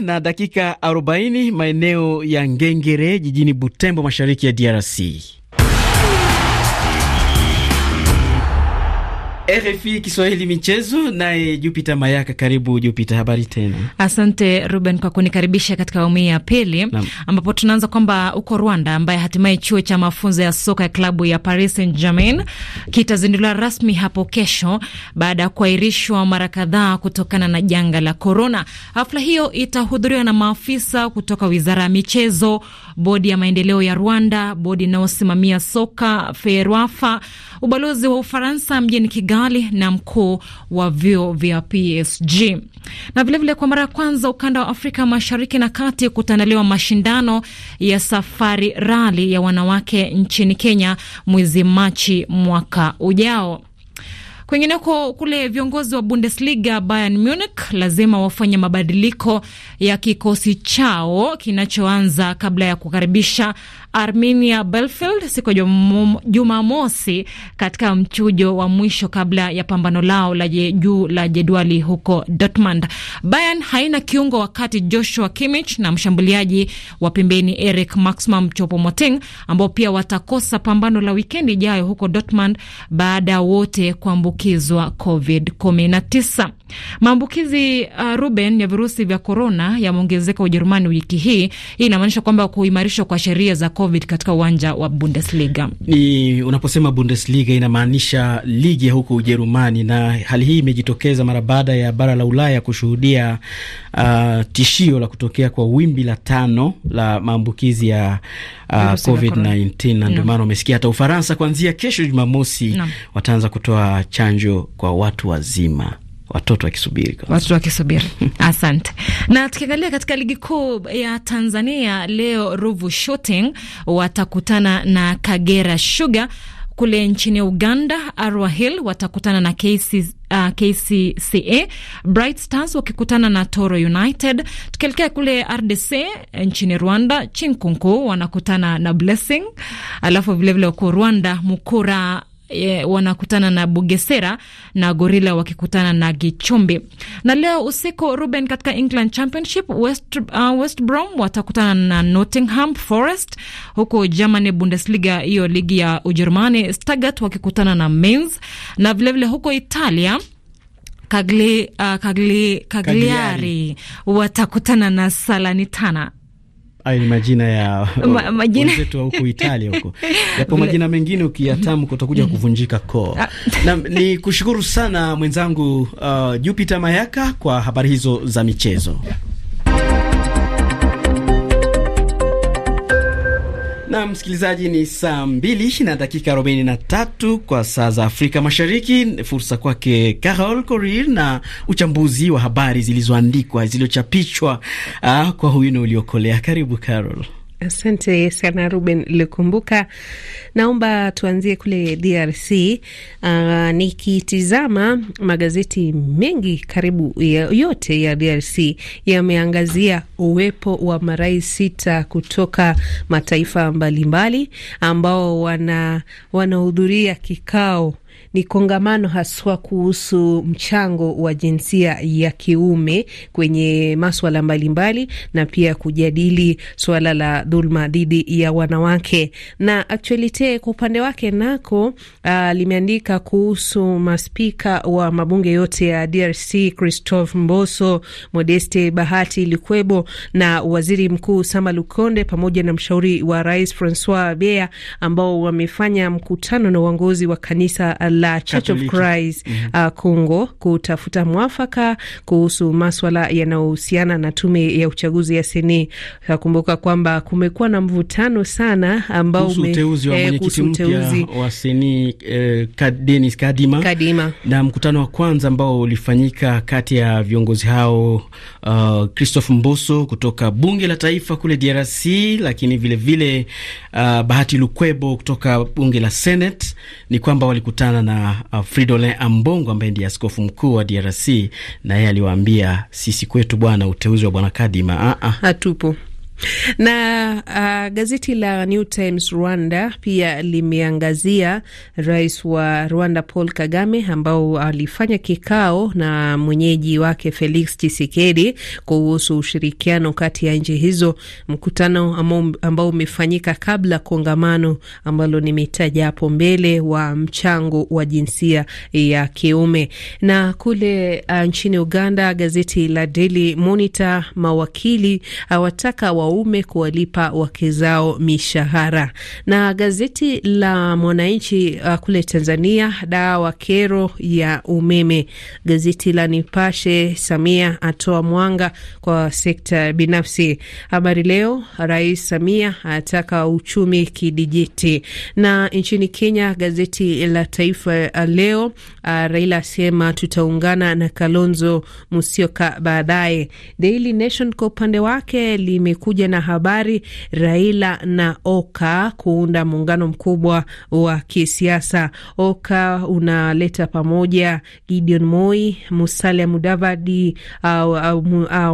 na dakika 40 maeneo ya Ngengere jijini Butembo mashariki ya DRC. RFI Kiswahili michezo, naye Jupiter Mayaka. Karibu Jupiter, habari tena. Asante Ruben kwa kunikaribisha katika awamu ya pili, ambapo tunaanza kwamba huko Rwanda, ambaye hatimaye chuo cha mafunzo ya soka ya klabu ya Paris Saint Germain kitazinduliwa rasmi hapo kesho baada ya kuahirishwa mara kadhaa kutokana na janga la korona. Hafla hiyo itahudhuriwa na maafisa kutoka wizara ya michezo, bodi ya maendeleo ya Rwanda, bodi inayosimamia soka FERWAFA ubalozi wa Ufaransa mjini Kigali na mkuu wa vyuo vya PSG. Na vilevile vile kwa mara ya kwanza ukanda wa Afrika Mashariki na Kati kutaandaliwa mashindano ya safari rali ya wanawake nchini Kenya mwezi Machi mwaka ujao. Kwingineko kule viongozi wa Bundesliga Bayern Munich lazima wafanye mabadiliko ya kikosi chao kinachoanza kabla ya kukaribisha Arminia Belfield siku ya Jumamosi katika mchujo wa mwisho kabla ya pambano lao la juu la jedwali huko Dortmund. Bayern haina kiungo wakati Joshua Kimmich na mshambuliaji wa pembeni Eric Maximum Choupo-Moting ambao pia watakosa pambano la wikendi ijayo huko Dortmund baada ya wote kuambukizwa Covid 19. Maambukizi uh, Ruben ya virusi vya korona yameongezeka Ujerumani wiki hii. Hii inamaanisha kwamba kuimarishwa kwa sheria za COVID katika uwanja wa Bundesliga. Ni unaposema Bundesliga inamaanisha ligi ya huko Ujerumani, na hali hii imejitokeza mara baada ya bara la Ulaya kushuhudia uh, tishio la kutokea kwa wimbi la tano la maambukizi ya uh, COVID-19 na ndio maana umesikia hata Ufaransa kuanzia kesho Jumamosi wataanza kutoa chanjo kwa watu wazima watoto wakisubiri, watoto wakisubiri. Asante. Na tukiangalia katika ligi kuu ya Tanzania leo, Ruvu Shooting watakutana na Kagera Sugar kule nchini Uganda, Arua Hill watakutana na KC, uh, KCCA, Bright Stars wakikutana na Toro United. Tukielekea kule RDC nchini Rwanda, Chinkunku wanakutana na Blessing, alafu vilevile huko Rwanda Mukura e, wanakutana na Bugesera na Gorilla wakikutana na Gichumbi. Na leo usiku Ruben, katika England Championship West, uh, West Brom watakutana na Nottingham Forest, huku Germany Bundesliga, hiyo ligi ya Ujerumani, Stuttgart wakikutana na Mainz, na vilevile vile huko Italia Kagli, uh, Kagli, Kagliari watakutana na salanitana Hayo ni majina ya Ma, majina wetu huko Italia huko, yapo majina mengine ukiyatamka utakuja kuvunjika koo. Ah. Na ni kushukuru sana mwenzangu uh, Jupiter Mayaka kwa habari hizo za michezo. Na msikilizaji, ni saa mbili na dakika arobaini na tatu kwa saa za Afrika Mashariki. Fursa kwake Carol Korir na uchambuzi wa habari zilizoandikwa zilizochapishwa, ah, kwa kwa wino uliokolea. Karibu Carol. Asante sana Ruben Lukumbuka. Naomba tuanzie kule DRC. Uh, ah, nikitizama magazeti mengi karibu ya, yote ya DRC yameangazia uwepo wa marais sita kutoka mataifa mbalimbali ambao wanahudhuria wana kikao ni kongamano haswa kuhusu mchango wa jinsia ya kiume kwenye maswala mbalimbali mbali, na pia kujadili swala la dhulma dhidi ya wanawake. Na Actualite kwa upande wake nako uh, limeandika kuhusu maspika wa mabunge yote ya DRC Christophe Mboso, Modeste Bahati Likwebo na waziri mkuu Sama Lukonde pamoja na mshauri wa rais Francois Bea ambao wamefanya mkutano na uongozi wa kanisa la Church Katoliki of Christ mm -hmm. uh, kutafuta mwafaka kuhusu maswala yanayohusiana na tume ya uchaguzi ya seni. Kakumbuka kwamba kumekuwa na mvutano sana ambao kuhusu uteuzi wa eh, mwenyekiti mpya wa seni eh, Denis Kadima, Kadima na mkutano wa kwanza ambao ulifanyika kati ya viongozi hao uh, Christophe Mboso kutoka bunge la taifa kule DRC, lakini vilevile vile, uh, Bahati Lukwebo kutoka bunge la Senate ni kwamba walikutana na na uh, Fridolin Ambongo ambaye ndiye askofu mkuu wa DRC, na yeye aliwaambia sisi kwetu bwana, uteuzi wa bwana Kadima a ah, a, ah. hatupo na uh, gazeti la New Times Rwanda pia limeangazia rais wa Rwanda Paul Kagame ambao alifanya kikao na mwenyeji wake Felix Tshisekedi kuhusu ushirikiano kati ya nchi hizo, mkutano ambao umefanyika kabla kongamano ambalo nimetaja hapo mbele wa mchango wa jinsia ya kiume. Na kule uh, nchini Uganda gazeti la Daily Monitor mawakili hawataka wa waume kuwalipa wake zao mishahara. Na gazeti la Mwananchi uh, kule Tanzania, dawa kero ya umeme. Gazeti la Nipashe, Samia atoa mwanga kwa sekta binafsi. Habari Leo, Rais Samia ataka uchumi kidijiti. Na nchini Kenya, gazeti la Taifa Leo, uh, Raila asema tutaungana na Kalonzo Musyoka baadaye. Daily Nation kwa upande wake limekuja pamoja na habari, Raila na Oka kuunda muungano mkubwa wa kisiasa. Oka unaleta pamoja Gideon Moi, Musalia Mudavadi,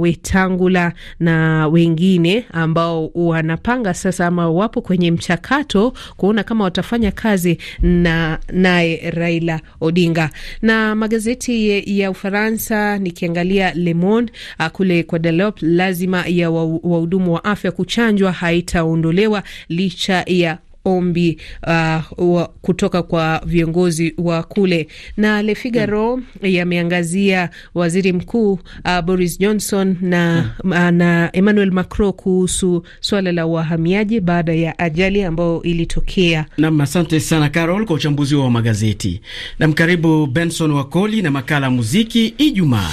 Wetangula na wengine ambao wanapanga sasa ama wapo kwenye mchakato kuona kama watafanya kazi na naye Raila Odinga. Na magazeti ya Ufaransa nikiangalia Le Monde ah, kule kwa Delop, lazima ya wahudumu wahudumu wa afya kuchanjwa haitaondolewa licha ya ombi uh, kutoka kwa viongozi wa kule. Na Le Figaro mm. yameangazia waziri mkuu uh, Boris Johnson na, mm. na Emmanuel Macron kuhusu swala la wahamiaji baada ya ajali ambayo ilitokea. Nam, asante sana Carol kwa uchambuzi wa magazeti. Namkaribu Benson Wakoli na makala muziki Ijumaa.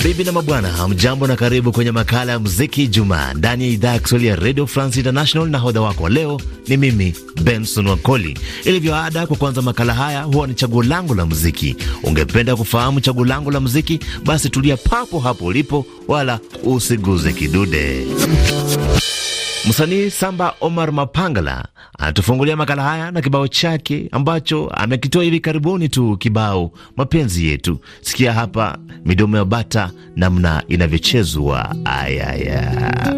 Mabibi na mabwana, hamjambo na karibu kwenye makala ya muziki Jumaa ndani ya idhaa ya Kiswahili ya Radio France International. Na hodha wako leo ni mimi Benson Wakoli. Ilivyo ada, kwa kwanza makala haya huwa ni chaguo langu la muziki. Ungependa kufahamu chaguo langu la muziki? Basi tulia papo hapo ulipo, wala usiguze kidude Msanii Samba Omar Mapangala anatufungulia makala haya na kibao chake ambacho amekitoa hivi karibuni tu, kibao mapenzi yetu. Sikia hapa midomo ya bata namna inavyochezwa. Ayaya.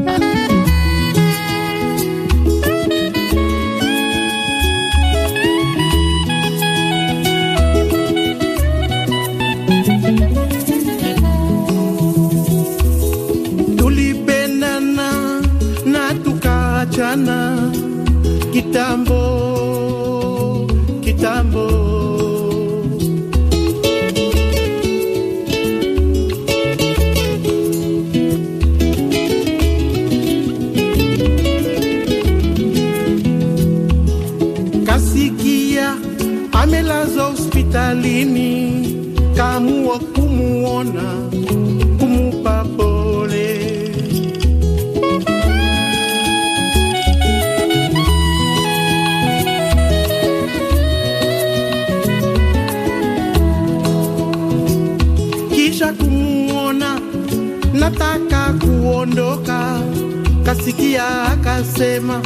kusema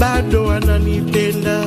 bado ananipenda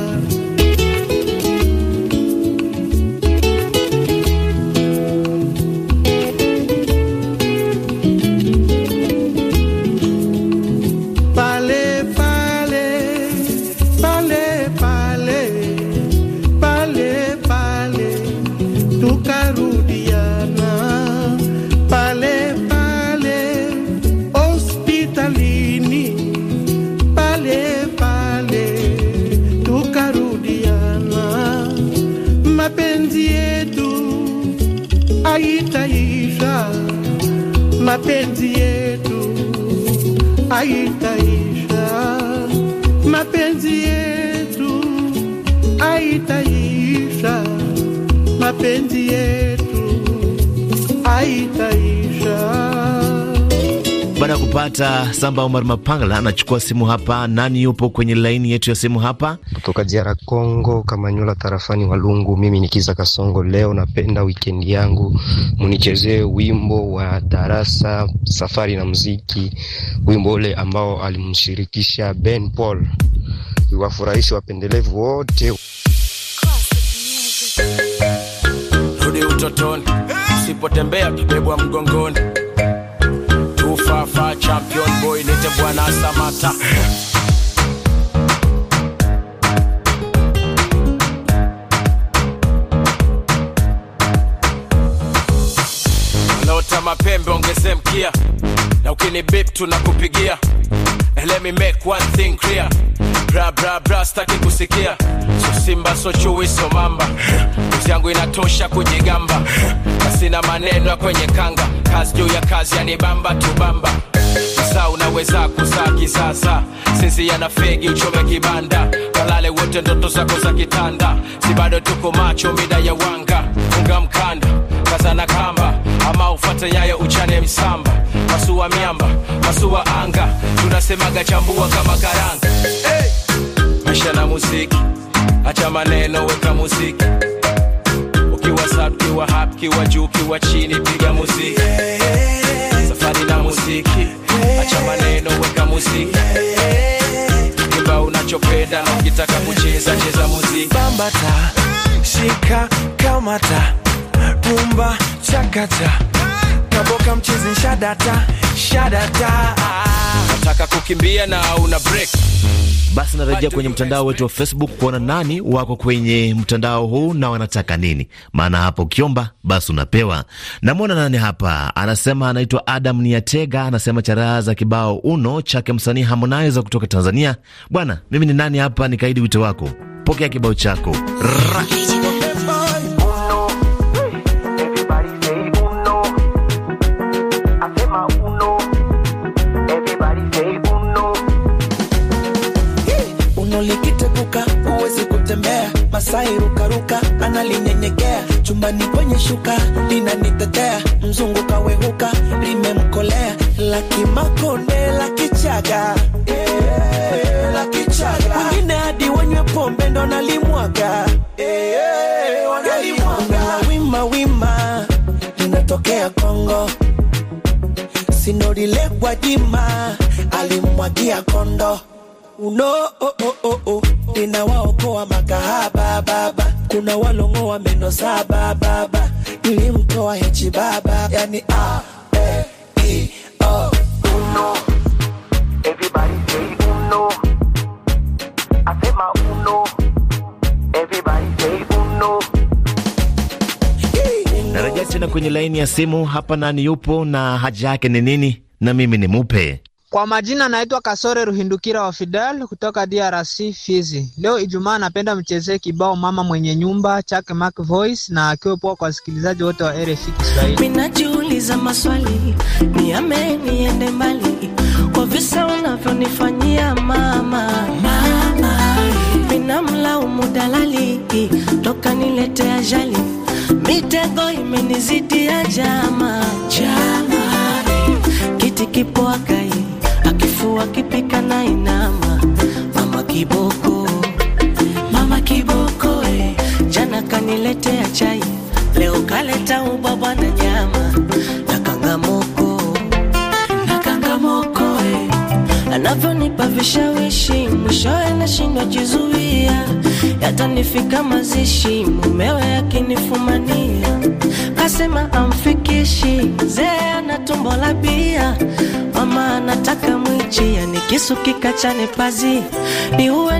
mapenzi yetu aitaisha, mapenzi yetu aitaisha, mapenzi yetu aita. Baada ya kupata Samba Omar Mapangala anachukua simu hapa. Nani yupo kwenye laini yetu ya simu hapa? Kutoka Jara Kongo, Kamanyola, tarafani Walungu. Mimi ni Kiza Kasongo. Leo napenda wikendi yangu munichezee wimbo wa darasa safari na muziki, wimbo ule ambao alimshirikisha Ben Paul. Iwafurahishi wapendelevu wote. Rudi utotoni, usipotembea kibebwa mgongoni fafa champion boy nite bwana Samata naota mapembe ongeze mkia na ukini bip tunakupigia eh, let me make one thing clear bra bra bra staki kusikia so simba so chui so mamba kuzi yangu inatosha kujigamba sina maneno kwenye kanga, kazi juu ya kazi yanibamba tubamba saa unaweza kusaa kisasa sisi yana fegi uchome kibanda walale wote ndoto zako za kitanda si bado tuko macho mida ya wanga funga mkanda kazana kamba ama ufate nyayo uchane msamba masua miamba masua anga tunasemaga chambua kama karanga hey! maisha na muziki acha maneno weka muziki WhatsApp kiwa hap kiwa juu kiwa chini, piga muziki safari na muziki, acha maneno, weka muziki imba unachopenda, na ukitaka kucheza cheza muziki, bambata, shika, kamata, pumba, chakata unaboka mchizi shadata shadata nataka kukimbia na una break basi narejea kwenye mtandao wetu wa Facebook kuona nani wako kwenye mtandao huu na wanataka nini, maana hapo ukiomba basi unapewa. Namwona nani hapa, anasema anaitwa Adam Niatega, anasema charaha za kibao uno chake msanii Harmonize kutoka Tanzania. Bwana, mimi ni nani hapa, nikaidi wito wako, pokea kibao chako Rra. nyumbani kwenye shuka linanitetea, mzungu kawehuka, limemkolea laki makonde laki chaga yeah, laki chaga, wengine hadi wanywe pombe ndo nalimwaga eh, wima wima linatokea Kongo sinorile jima alimwagia kondo uno oh, oh, oh, oh. oh. waokoa makahaba baba, kuna walongoa meno saba baba, ili mtoa hechi baba, yani a e i o uno. Everybody say uno, asema uno. Everybody say uno. Narejea tena kwenye laini ya simu hapa. Nani yupo na haja yake ni nini? Na mimi ni mupe kwa majina naitwa Kasore Ruhindukira wa Fidel kutoka DRC Fizi. Leo Ijumaa, napenda mchezee kibao mama mwenye nyumba chake Mac Voice na akiwa poa kwa wasikilizaji wote wa RFI Kiswahili. Mimi najiuliza maswali, niame niende mbali kwa visa unavyonifanyia mama. Mama, mimi namlaumu dalali toka nilete ajali, mitego imenizidi jama. Jama, kiti vishawishi, mwishowe nashindwa jizuia, yatanifika mazishi, mumewe akinifumania, kasema amfikishi, zee ana tumbo la bia, mama anataka mwijia, ni kisu kikachane pazi, ni uwe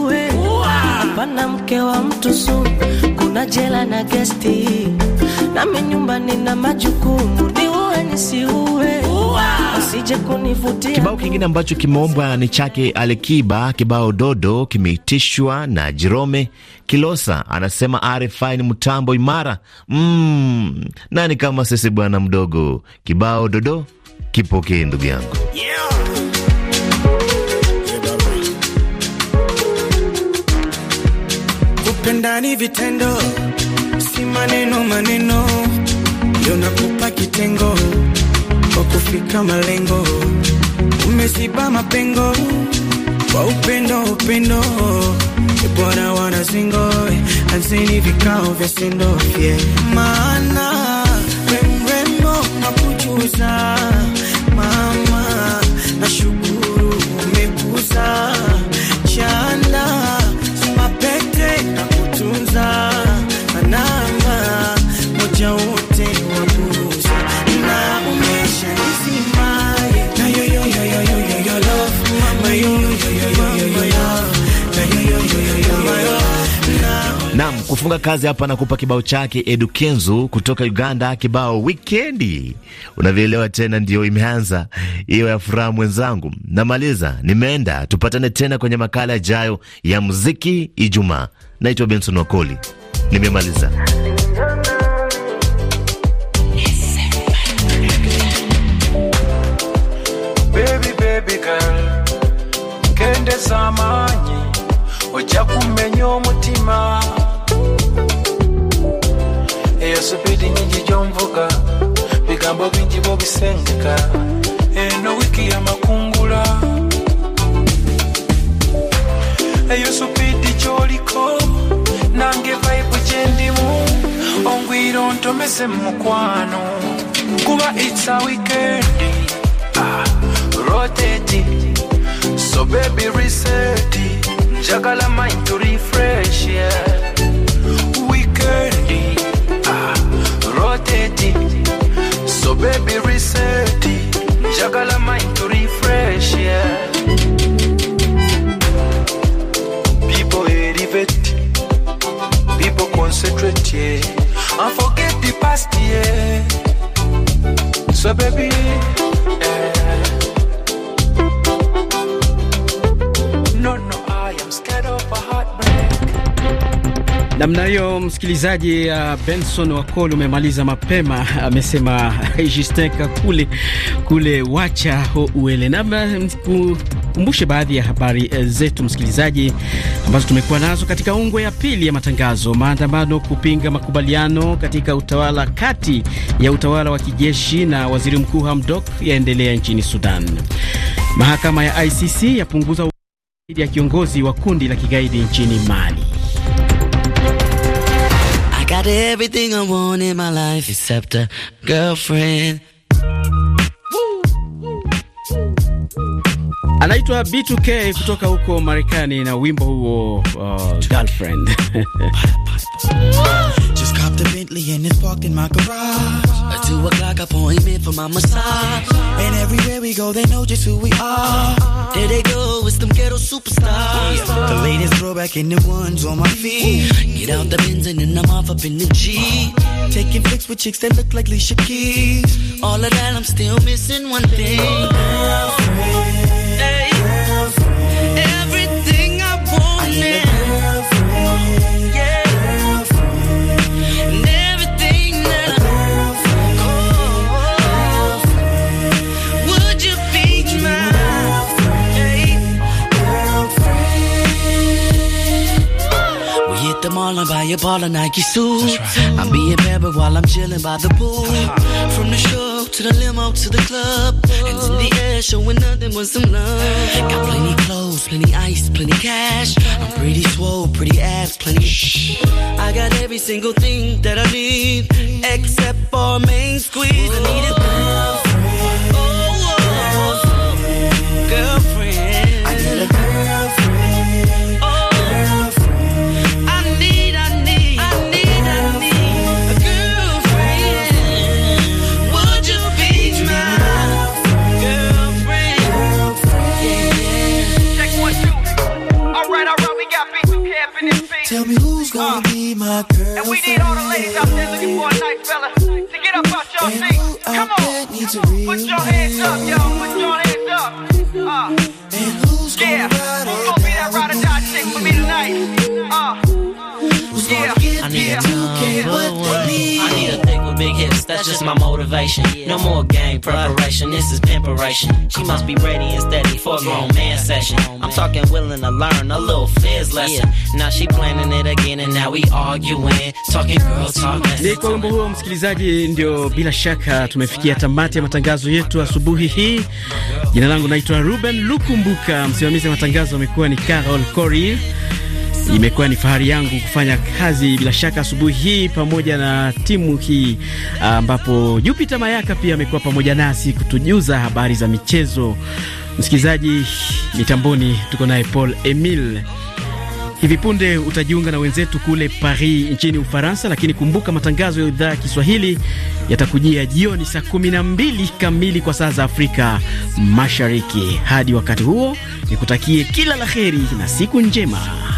uwe hapana mke wa mtu su, kuna jela na gesti, nami nyumbani na majukumu, ni uwe uwe Kibao kingine ambacho kimeombwa ni chake Alikiba. Kibao dodo kimeitishwa na Jerome Kilosa, anasema RFI ni mtambo imara. Mm, nani kama sisi bwana mdogo. Kibao dodo kipokee, ndugu yangu, yeah. vitendo, si maneno maneno, yonakupa kitengo kufika malengo, umeziba mapengo kwa upendo, upendo e Bwana wanazingo, anzeni vikao vya sindo yeah. Maana wemrembo nakujuza mama, nashukuru umekuzaa Nam kufunga kazi hapa na kupa kibao chake Edu Kenzo kutoka Uganda, kibao wikendi. Unavyoelewa tena, ndiyo imeanza hiyo ya furaha. Mwenzangu namaliza, nimeenda. Tupatane tena kwenye makala yajayo ya muziki Ijumaa. Naitwa Benson Wakoli, nimemaliza. oja kumenya omutima yasupidi nyingi gyomvuga bigambo bingi bobisengeka eno wiki yamakungula eyo supidi gyoliko nange vaibu gyendimu ongwiro ntomese mukwano kuba itsa wikendi ah, roteti sobebi riseti njagala mind to refresh baby reset jagala mind to refresh yeah people elevate people concentrate yeah and forget the past yeah so baby yeah. Namna hiyo msikilizaji, uh, Benson Wakoli umemaliza mapema, amesema Justin Kakule kule wacha ho uele. nam kumbushe baadhi ya habari eh, zetu msikilizaji, ambazo tumekuwa nazo katika ungwe ya pili ya matangazo. Maandamano kupinga makubaliano katika utawala kati ya utawala wa kijeshi na waziri mkuu Hamdok yaendelea nchini Sudan. Mahakama ya ICC yapunguza ya kiongozi wa kundi la kigaidi nchini Mali. Got everything I want in my life except a girlfriend. Anaitwa B2K kutoka huko Marekani na wimbo huo uh, girlfriend the Bentley and it's parked in my garage. At two o'clock appointment for my massage. And everywhere we go, they know just who we are. There they go, it's them ghetto superstars. The latest throwback and the ones on my feet. Get out the Benz and then I'm off up in the G. Taking pics with chicks that look like Alicia Keys. All of that, I'm still missing one thing. Girlfriend. calling by your ball of Nike suit. Right. I'm being married while I'm chilling by the pool. Uh-huh. From the show to the limo to the club. And in the air, showing nothing but some love. Got plenty clothes, plenty ice, plenty cash. I'm pretty swole, pretty ass, plenty shh. I got every single thing that I need. Except for main squeeze. I need a girl. Uh, gonna uh, be my girl. And we need all the ladies out there looking for a nice fella to get up out your and seat. Come on, come on. put your hands up, Yo. Put your hands up. Uh, and who's yeah, who's gonna be that ride or die chick for me tonight? Uh. yeah, I need a number me. I need a thing with big hips, that's just my motivation. No more gang preparation, this is pimperation. She must be ready and steady for a grown man session. I'm talking willing to learn a little fizz lesson. Now she planning it again and now we arguing. Talking girl talk. Ni kwa wimbo huo msikilizaji, ndio bila shaka tumefikia tamati ya matangazo yetu asubuhi hii. Jina langu naitwa Ruben Lukumbuka, msimamizi wa matangazo amekuwa ni Carol Corey. Imekuwa ni fahari yangu kufanya kazi bila shaka asubuhi hii pamoja na timu hii ambapo Jupiter Mayaka pia amekuwa pamoja nasi kutujuza habari za michezo. Msikilizaji, mitamboni tuko naye Paul Emil. Hivi punde utajiunga na wenzetu kule Paris nchini Ufaransa, lakini kumbuka matangazo ya idhaa ya Kiswahili yatakujia jioni saa 12 kamili kwa saa za Afrika Mashariki. Hadi wakati huo, nikutakie kila la heri na siku njema.